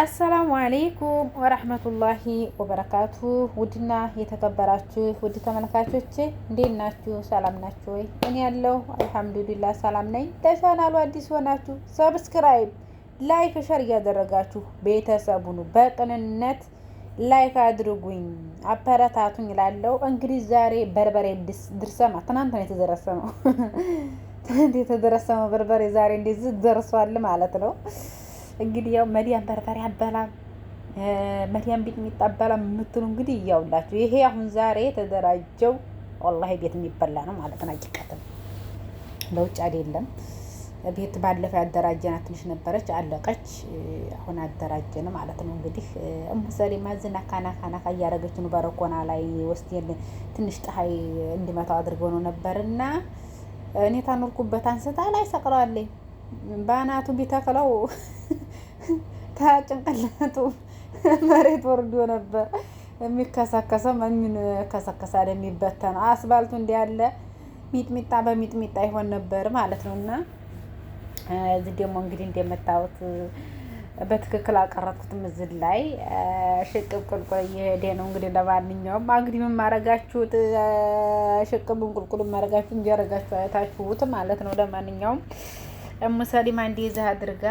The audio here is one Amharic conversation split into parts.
አሰላሙ አሌይኩም ወረህመቱላሂ ወበረካቱ። ውድና የተከበራችሁ ውድ ተመልካቾች እንዴት ናችሁ? ሰላም ናችሁ ወይ? እኔ ያለው አልሐምዱሊላ ሰላም ነኝ። ለቻናሉ አዲስ ሆናችሁ ሰብስክራይብ፣ ላይክ፣ ሸር እያደረጋችሁ ቤተሰቡን በቅንነት ላይክ አድርጉኝ አበረታቱኝ እላለሁ። እንግዲህ ዛሬ በርበሬ ድርሰማ ትናንት ነው የተደረሰ ነው ትናንት የተደረሰ ነው በርበሬ ዛሬ እንደዚህ ደርሷል ማለት ነው። እንግዲህ ያው መዲያን በርበሬ አበላም መዲያን ቤት የሚጣበላ የምትሉ እንግዲህ እያውላችሁ ይሄ አሁን ዛሬ የተደራጀው ወላሂ ቤት የሚበላ ነው ማለት ነው። አቂቀትም ለውጭ አይደለም። ቤት ባለፈው ያደራጀና ትንሽ ነበረች አለቀች። አሁን አደራጀን ማለት ነው። እንግዲህ እምሰሌ ማዝና ካና ካና እያረገች ነው። በረኮና ላይ ወስቴን ትንሽ ፀሐይ እንዲመታው አድርገው ነው ነበር ነበርና እኔ ታኖርኩበት አንስታ ላይ ሰቅለዋለኝ በአናቱ ቢተክለው ታጭንቅላቱ መሬት ወርዶ ነበር የሚከሰከሰ የሚንከሰከሰ አለ የሚበተነው አስባልቱ እንዲያለ ሚጥሚጣ በሚጥሚጣ ይሆን ነበር ማለት ነው። እና እዚህ ደግሞ እንግዲህ እንደምታዩት በትክክል አቀረጥኩትም እዚህ ላይ ሽቅብ ቁልቁል እየሄደ ነው። እንግዲህ ለማንኛውም አንግዲህ ምን ማረጋችሁት? ሽቅቡን ቁልቁል የማረጋችሁ እንዲያረጋችሁ አያታችሁት ማለት ነው። ለማንኛውም ሙሰሊማ እንደዚህ አድርጋ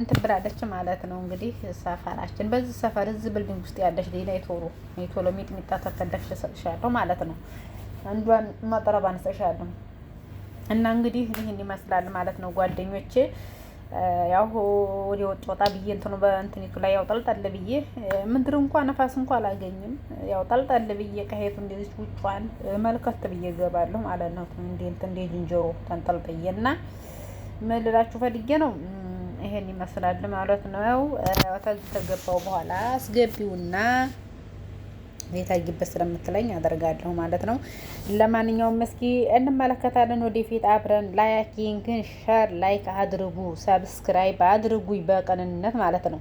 እንትን ብላለች ማለት ነው። እንግዲህ ሰፈራችን በዚህ ሰፈር እዚህ ብልዲንግ ውስጥ ያለች ሌላ የቶሎ የቶሎ ሚጥሚጣ ተፈለግሽ እሰጥሻለሁ ማለት ነው። አንዷን መጥረብ አንሰሻለሁ እና እንግዲህ ይህን ይመስላል ማለት ነው ጓደኞቼ። ያው ወደ ወጥ ወጣ ብዬ እንትኑ በእንትኒቱ ላይ ያው ጠልጠል ብዬ ምድር እንኳን ነፋስ እንኳን አላገኝም። ያው ጠልጠል ብዬ ቀሄቱ እንደዚህ ውጭዋን መልከት ብዬ እገባለሁ ማለት ነው። እንደ እንደ ዝንጀሮ ተንጠልጥዬ እና ምን ፈልጌ ነው ይሄን ይመስላል ማለት ነው። ወተት ተገባው በኋላ አስገቢውና የታይበት ስለምትለኝ አደርጋለሁ ማለት ነው። ለማንኛውም እስኪ እንመለከታለን ወደፊት አብረን። ላያኪን ግን ሸር ላይክ አድርጉ፣ ሰብስክራይብ አድርጉ በቅንነት ማለት ነው።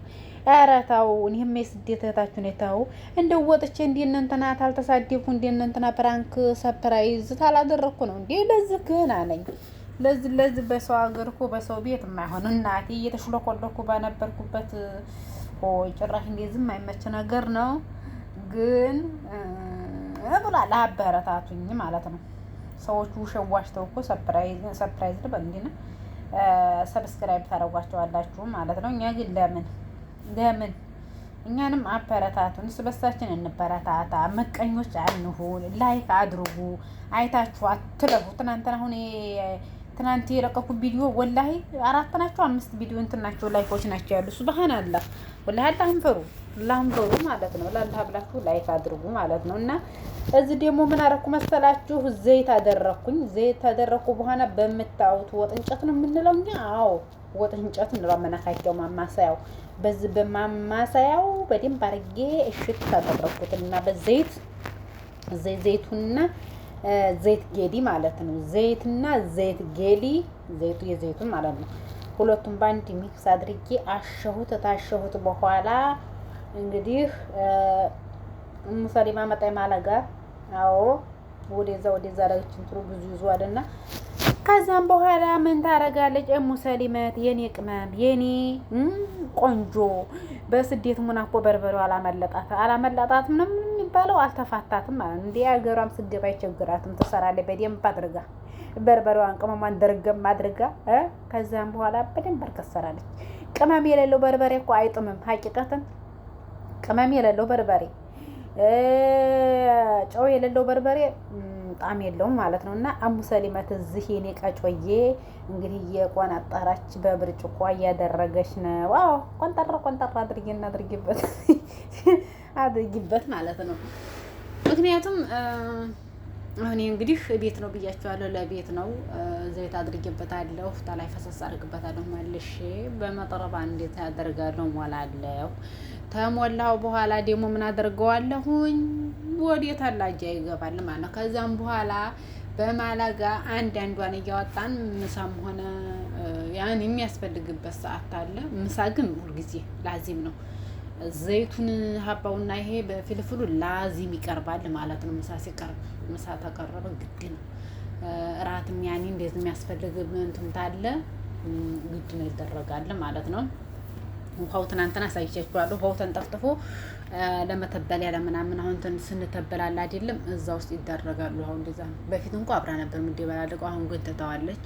ኧረ ተው፣ እኔም የስደት እህታችሁን የተው እንደው ወጥቼ እንደ እነ እንትና ታልተሳደብኩ እንደ እንትና ፕራንክ ሰፕራይዝ ታላደረግኩ ነው እንዴ? ለዚህ ግን አለኝ ለዚ ለዚ በሰው ሀገር እኮ በሰው ቤት የማይሆን እናቴ እየተሽለኮለኩ ባነበርኩበት ጭራሽ እንዴ ዝም የማይመች ነገር ነው። ግን ብሏል ለአበረታቱኝ ማለት ነው። ሰዎቹ ውሸዋሽተው እኮ ሰርፕራይዝ ልበል እንዲህ ሰብስክራይብ ታደርጓቸዋላችሁ ማለት ነው። እኛ ግን ለምን ለምን እኛንም አበረታቱን፣ ስበሳችን እንበረታታ፣ መቀኞች አንሁን። ላይክ አድርጉ፣ አይታችሁ አትለፉ። ትናንትና አሁን ትናንት የለቀኩት ቪዲዮ ወላሂ አራት ናቸው አምስት ቪዲዮ እንትን ናቸው ላይኮች ናቸው ያሉ። ሱብሃን አላህ ወላሂ አላህን ፈሩ አላህን ፈሩ ማለት ነው። ለአላህ ብላችሁ ላይክ አድርጉ ማለት ነው። እና እዚህ ደግሞ ምን አደረኩ መሰላችሁ? ዘይት አደረኩኝ። ዘይት አደረኩ በኋላ በምታዩት ወጥ እንጨት ነው የምንለው እኛ። አዎ ወጥ እንጨት እንለዋለን። መነካኪያው ማማሰያው፣ በዚህ በማማሳያው በደንብ አድርጌ እሽት አደረኩትና በዘይት ዘይቱና ዘይት ጌዲ ማለት ነው። ዘይትና ዘይት ጌሊ ዘይቱ የዘይቱን ማለት ነው። ሁለቱም በአንድ ሚክስ አድርጌ አሸሁት። ታሸሁት በኋላ እንግዲህ ሙሰሊማ መጣይ ማለጋ አዎ ወደዛ ወደዛ ላይችን ጥሩ ብዙ ይዟልና ከዛም በኋላ ምን ታረጋለች እሙ ሰሊመት የኔ ቅመም የኔ ቆንጆ በስደት ሙናኮ በርበሬው አላመለጣት አላመለጣት ነው የሚባለው አልተፋታትም ማለት እንዲ ሀገሯም ስገባ አይቸግራትም ትሰራለች በደንብ አድርጋ በርበሬዋን ቅመሟን ደርገም አድርጋ ከዛም በኋላ በደንብ ትሰራለች። ቅመም የሌለው በርበሬ እኮ አይጥምም። ሀቂቀትን ቅመም የሌለው በርበሬ ጨው የሌለው በርበሬ ምንም ጣም የለውም ማለት ነው። እና አሙ ሰሊመት እዚህ የኔ ቀጮዬ እንግዲህ የቆነጠረች በብርጭቆ እያደረገች ነው። አዎ ቆንጠራ ቆንጠራ አድርጌና አድርጊበት አድርጊበት ማለት ነው። ምክንያቱም አሁን እንግዲህ ቤት ነው ብያቸዋለሁ። ለቤት ነው ዘይት አድርጌበታለሁ። ላይ ፈሰስ አድርግበታለሁ። መልሼ በመጠረባ እንዴት አደርጋለሁ? ሞላለሁ። ተሞላው በኋላ ደግሞ ምን አደርገዋለሁኝ? ወዴት አላጃ ይገባል ማለት ነው። ከዛም በኋላ በማላጋ አንድ አንዷን እያወጣን ምሳም ሆነ ያን የሚያስፈልግበት ሰዓት አለ። ምሳ ግን ሁልጊዜ ላዚም ነው። ዘይቱን ሀባውና ይሄ በፍልፍሉ ላዚም ይቀርባል ማለት ነው። ምሳ ሲቀርብ ምሳ ተቀረበ ግድ ነው። እራትም ያኔ እንዴት የሚያስፈልግ እንትምታለ ግድ ነው ይደረጋል ማለት ነው። ውሃው ትናንትና አሳይቻችኋለሁ። ውሃው ተንጠፍጥፎ ለመተበሊያ ለምናምን አሁን እንትን ስንተበላል አይደለም እዛ ውስጥ ይደረጋሉ። አሁን እንደዛ ነው። በፊት እንኳ አብራ ነበር የምደበላለቀው፣ አሁን ግን ትተዋለች።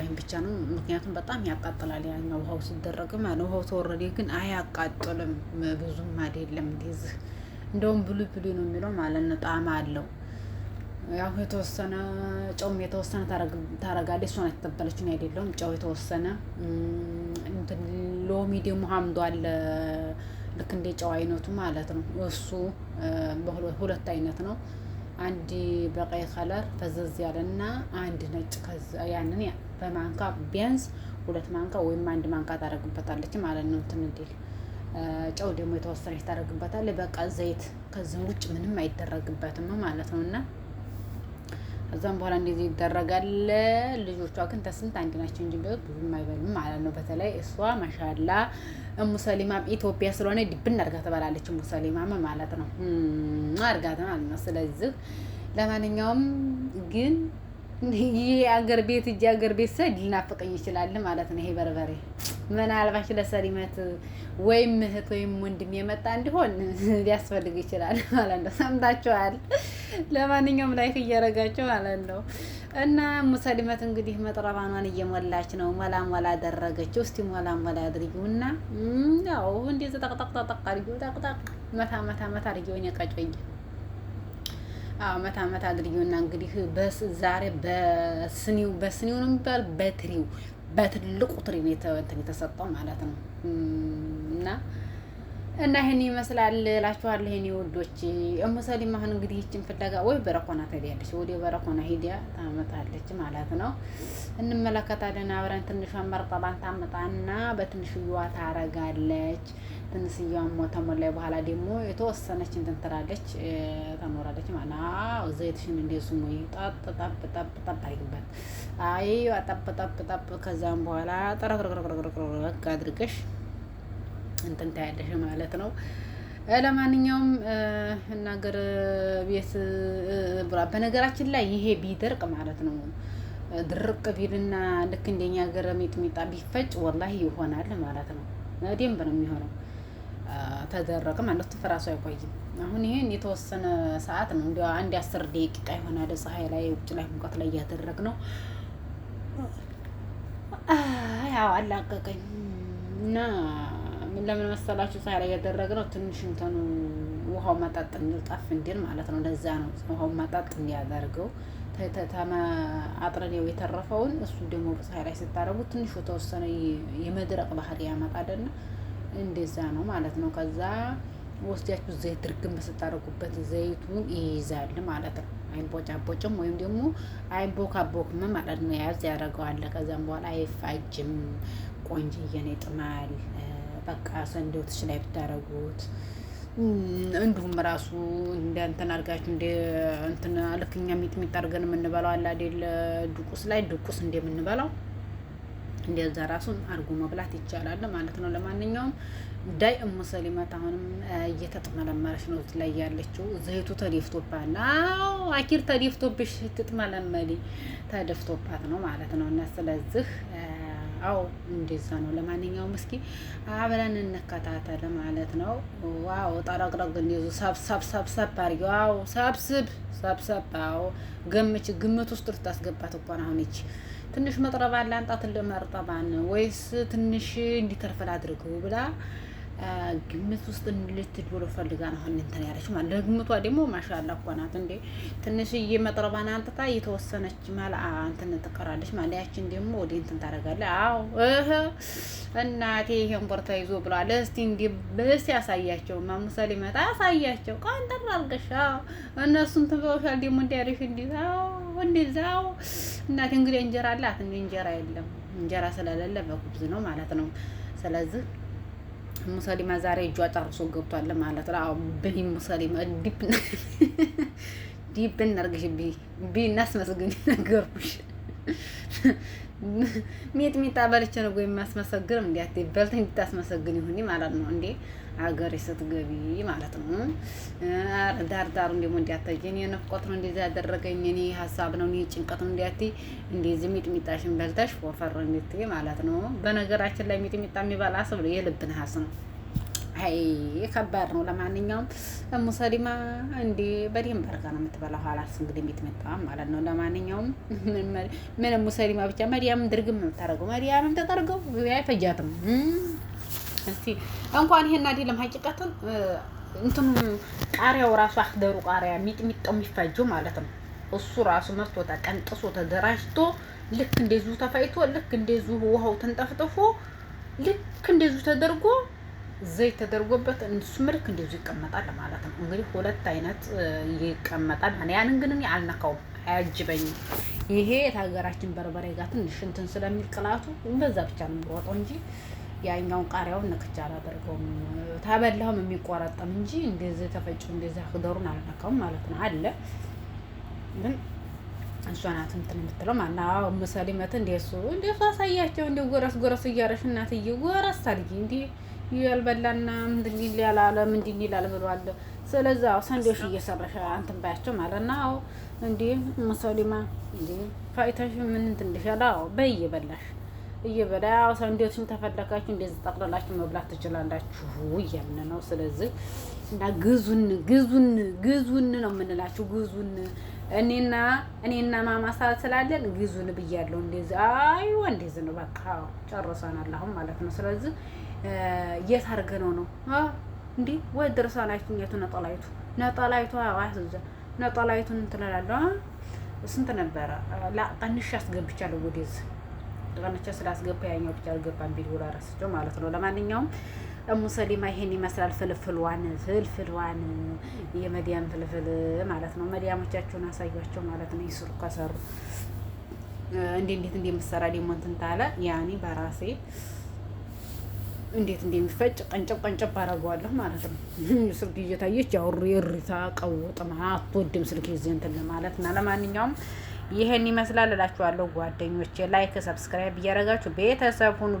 ይህም ብቻ ነው። ምክንያቱም በጣም ያቃጥላል ያኛው ውሃው ሲደረግም አለ። ውሃው ተወረደ ግን አያቃጥልም ብዙም አይደለም። እንደዚህ እንደውም ብሉ ብሉ ነው የሚለው ማለት ነው። ጣዕም አለው ያው የተወሰነ ጨውም የተወሰነ ታረጋለች። እሷን የተተበለችን አይደለውም ጨው የተወሰነ ሎሚ ደግሞ ሀምዷል። ልክ እንደ ጨው አይነቱ ማለት ነው። እሱ ሁለት አይነት ነው። አንድ በቀይ ከለር ፈዘዝ ያለና አንድ ነጭ። ያንን በማንካ ቢያንስ ሁለት ማንካ ወይም አንድ ማንካ ታደርግበታለች ማለት ነው። እንትን እንዲል ጨው ደግሞ የተወሰነች ታደርግበታለች። በቃ ዘይት ከዚህ ውጭ ምንም አይደረግበትም ማለት ነው እና እዛም በኋላ እንደዚህ ይደረጋል። ልጆቿ ግን ተስንት አንድ ናቸው እንጂ ብዙ አይበሉም ማለት ነው። በተለይ እሷ ማሻላ ሙሰሊማም ኢትዮጵያ ስለሆነ ድብን አድርጋ ትበላለች። ሙሰሊማም ማለት ነው አድርጋት ማለት ነው። ስለዚህ ለማንኛውም ግን ይህ አገር ቤት እጅ አገር ቤት ሰ ሊናፍቀኝ ይችላል ማለት ነው ይሄ በርበሬ ምናልባት ለሰሊመት ወይም እህት ወይም ወንድም የመጣ እንዲሆን ሊያስፈልግ ይችላል ማለት ነው። ሰምታችኋል። ለማንኛውም ላይክ እያረጋችሁ ማለት ነው። እና ሙሰሊመት እንግዲህ መጥረባኗን እየሞላች ነው። ሞላ ሞላ አደረገችው። እስቲ ሞላ ሞላ አድርጊው እና ያው እንዴት ጠቅጠቅ ጠቅጠቅ አድርጊው፣ ጠቅጠቅ መታ መታ መታ አድርጊው። እኔ ቀጮኝ አዎ መታ መታ አድርጊውና እንግዲህ ዛሬ በስኒው በስኒው ነው የሚባል በትሪው በትልቁ ትሪ ቤት እንትን የተሰጠው ማለት ነው እና እና ይህን ይመስላል እላችኋለሁ። ይህን ወዶች እሙሰሊም ማህን እንግዲህ ይችን ፍለጋ ወይ በረኮና ትሄዳለች፣ ወደ በረኮና ሂዲያ ታመጣለች ማለት ነው። እንመለከታለን አብረን። ትንሿን መርጠባን ታመጣና በትንሽዬዋ ታረጋለች። ትንሽዬዋን ሞተ በኋላ ደግሞ የተወሰነች እንትን ትላለች፣ ተኖራለች ማለት ዘይትሽን እንደሱ ስሙ ጣጥ ጣጥ አይ ጣጥ ከዛም በኋላ ጠረቅረቅረቅረቅረቅ አድርገሽ ውስጥንጥን ታያለሽ ማለት ነው። ለማንኛውም እናገር ቤት በነገራችን ላይ ይሄ ቢደርቅ ማለት ነው ድርቅ ቢልና ልክ እንደኛ ሀገር ሚጥሚጣ ቢፈጭ ወላሂ ይሆናል ማለት ነው። ደንብ ነው የሚሆነው። ተደረቀ ማለት ትፈራሱ አይቆይም። አሁን ይሄን የተወሰነ ሰዓት ነው እንዲ አንድ አስር ደቂቃ ይሆናል ፀሐይ ላይ ውጭ ላይ ሙቀት ላይ እያደረግ ነው። ያው አላቀቀኝ እና ለምን መሰላችሁ ሳይላ ነው ትንሽ እንትኑ ውሃው መጠጥ እንልጠፍ እንዲል ማለት ነው። ለዛ ነው ውሃው መጠጥ እንዲያደርገው አጥረኔው የተረፈውን እሱ ደግሞ ሳይላ ስታደርጉ ትንሽ የተወሰነ የመድረቅ ባህሪ ያመጣልና እንደዛ ነው ማለት ነው። ከዛ ወስዳችሁ ዘይት ድርግም ስታደርጉበት ዘይቱን ይይዛል ማለት ነው። አይቦጫቦጭም ወይም ደግሞ አይቦካቦክም ማለት ነው። ያዝ ያደርገዋል። ከዛም በኋላ አይፋጅም። ቆንጆ እየኔ ጥማል በቃ ሰንዶትሽ ላይ ብታረጉት እንዲሁም ራሱ እንደ እንትን አድርጋችሁ እንደ እንትን ልክኛ ሚጥሚጥ አድርገን የምንበላው አለ አይደል? ድቁስ ላይ ድቁስ እንደምንበላው እንደዛ ራሱን አድርጎ መብላት ይቻላል ማለት ነው። ለማንኛውም ዳይ ሙሰሊመት አሁንም እየተጥመለመለች ነው ላይ ያለችው። ዘይቱ ተደፍቶባት አኪር ተደፍቶብሽ ትጥመለመሊ ተደፍቶባት ነው ማለት ነው እና ስለዚህ አዎ እንደዛ ነው። ለማንኛውም እስኪ አብረን እንከታተል ማለት ነው። ዋው ጠረቅረቅ እንደዙ ሰብሰብሰብሰብ አርጊ። ዋው ሰብስብ ሰብሰብ። አዎ ገምች ግምት ውስጥ ልታስገባት እኮ ነው። አሁን ይቺ ትንሽ መጥረባ አለ አንጣት መርጠባን ወይስ ትንሽ እንዲተርፈል አድርገው ብላ ግምት ውስጥ ልትድብሎ ፈልጋ ነው አሁን እንትን ያለች ማለት ለግምቷ ደግሞ ማሻላ እኮ ናት እንዴ ትንሽዬ መጥረባን አንጥታ እየተወሰነች ማለ እንትን ትቀራለች ማለት ያችን ደግሞ ወደ እንትን ታደርጋለች። አዎ እህ እናቴ ይሄን ቦርታ ይዞ ብሏል። እስቲ እንዲ ብስ ያሳያቸው ማሙሰል ይመጣ ያሳያቸው ቃንጠር አርገሻ እነሱን ትበውሻል ደግሞ እንዲያደሽ እንዲዛው እንዲዛው እናቴ እንግዲህ እንጀራ አላት እንጀራ የለም እንጀራ ስለሌለ በጉብዝ ነው ማለት ነው ስለዚህ ሙሰሊማ ዛሬ እጇ ጨርሶ ገብቷል ማለት ነው። ብሂ ሙሰሊማ ዲብ እናርግሽ ቢ ቢ እናስመስግን ነገርኩሽ። ሚጥሚጣ በልቼ ነው እንዴ? አትይ በልተኝ እንድታስመሰግን ይሁን ማለት ነው እንዴ አገሬ ስትገቢ ማለት ነው። ዳር ዳሩን ደግሞ እንዲያታይ የኔ ነፍቆት ነው እንደዚህ ያደረገኝ እኔ ሀሳብ ነው እኔ ጭንቀት ነው እንዲያትይ እንደዚህ ሚጥሚጣሽን በልተሽ ወፈር እንድትይ ማለት ነው። በነገራችን ላይ ሚጥሚጣ የሚበላ ሰው የልብ ነሐስ ነው። አይ ከባድ ነው። ለማንኛውም ሙሰሊማ እንዲ በደንብ አድርጋ ነው የምትበላ። ኋላስ እንግዲህ ሚጥሚጣ ማለት ነው። ለማንኛውም ምንም ሙሰሊማ ብቻ መዲያም ድርግም ነው የምታደርገው። መዲያምም ተጠርገው አይፈጃትም። እስቲ እንኳን ይሄን አይደለም ሀቂቃትን እንትም ቃሪያው ራሱ አክደሩ ቃሪያ ሚጥሚጣው የሚፈጀው ማለት ነው። እሱ ራሱ መርቶ ተቀንጥሶ ተደራጅቶ ልክ እንደዚሁ ተፋይቶ ልክ እንደዚሁ ውሃው ተንጠፍጥፎ ልክ እንደዚሁ ተደርጎ ዘይት ተደርጎበት እሱ ልክ እንደዚሁ ይቀመጣል ማለት ነው። እንግዲህ ሁለት አይነት ይቀመጣል። ያንን ግን አልነካውም፣ አያጅበኝም። ይሄ የሀገራችን በርበሬ ጋር ትንሽ እንትን ስለሚል ቅላቱ በዛ ብቻ ነው የሚወጣው እንጂ ያኛውን ቃሪያውን ነክቼ አላደርገውም። ታበላውም የሚቆረጠም እንጂ እንደዚህ ተፈጭ እንደዚህ አክደሩን አልነካውም ማለት ነው አለ ግን እሷ ናት እንትን የምትለው ማና ምሰሊመት እንደሱ እንደሱ አሳያቸው እንዲ ጎረስ ጎረስ እያረሽ እናትዬ ጎረስ አድጊ እንዲ ያልበላና ምንድን ይላል ምንድን ይላል ብሏል። ስለዛ ሰንዶሽ እየሰራሽ አንትን ባያቸው ማለት ና እንዲ ሙሰሊማ እንዲ ፋይታሽ ምን እንትንልሻል በይ በላሽ እየበላ ያው ሰው እንዴትም ተፈለጋችሁ እንደዚህ ጠቅለላችሁ መብላት ትችላላችሁ እያልን ነው። ስለዚህ እና ግዙን ግዙን ግዙን ነው የምንላችሁ። ግዙን እኔና እኔና ማማ ስላለን ግዙን ብያለሁ። እንደዚህ አይዋ እንደዚህ ነው በቃ ጨርሰናል አሁን ማለት ነው። ስለዚህ የት አድርገነው ነው እንዴ? ወይ ድርሳናችን የቱ ነጠላይቱ ነጠላይቱ አያስዘ ነጠላይቱን እንትላላለሁ ስንት ነበረ ላ አስገብቻለሁ ወደዚህ ድራመቸ ስላስገባ ያኛው ብቻ አልገባም ቪዲዮ ላረስቸው ማለት ነው። ለማንኛውም ሙሰሊማ ይሄን ይመስላል ፍልፍልዋን ፍልፍልዋን የመዲያም ፍልፍል ማለት ነው። መዲያሞቻችሁን አሳያቸው ማለት ነው። ይስሩ ከሰሩ እንዴ እንዴት እንደምሰራ ደግሞ እንትን ታለ ያኔ በራሴ እንዴት እንደሚፈጭ ቀንጨብ ቀንጨብ አደርገዋለሁ ማለት ነው። ስልክ እየታየች ያው ቀውጥ ቀውጥማ አትወድም ስልክ ይዘን እንትን ማለት እና ለማንኛውም ይህን ይመስላል እላችኋለሁ ጓደኞቼ። ላይክ፣ ሰብስክራይብ እያደረጋችሁ ቤተሰብ ሁኑ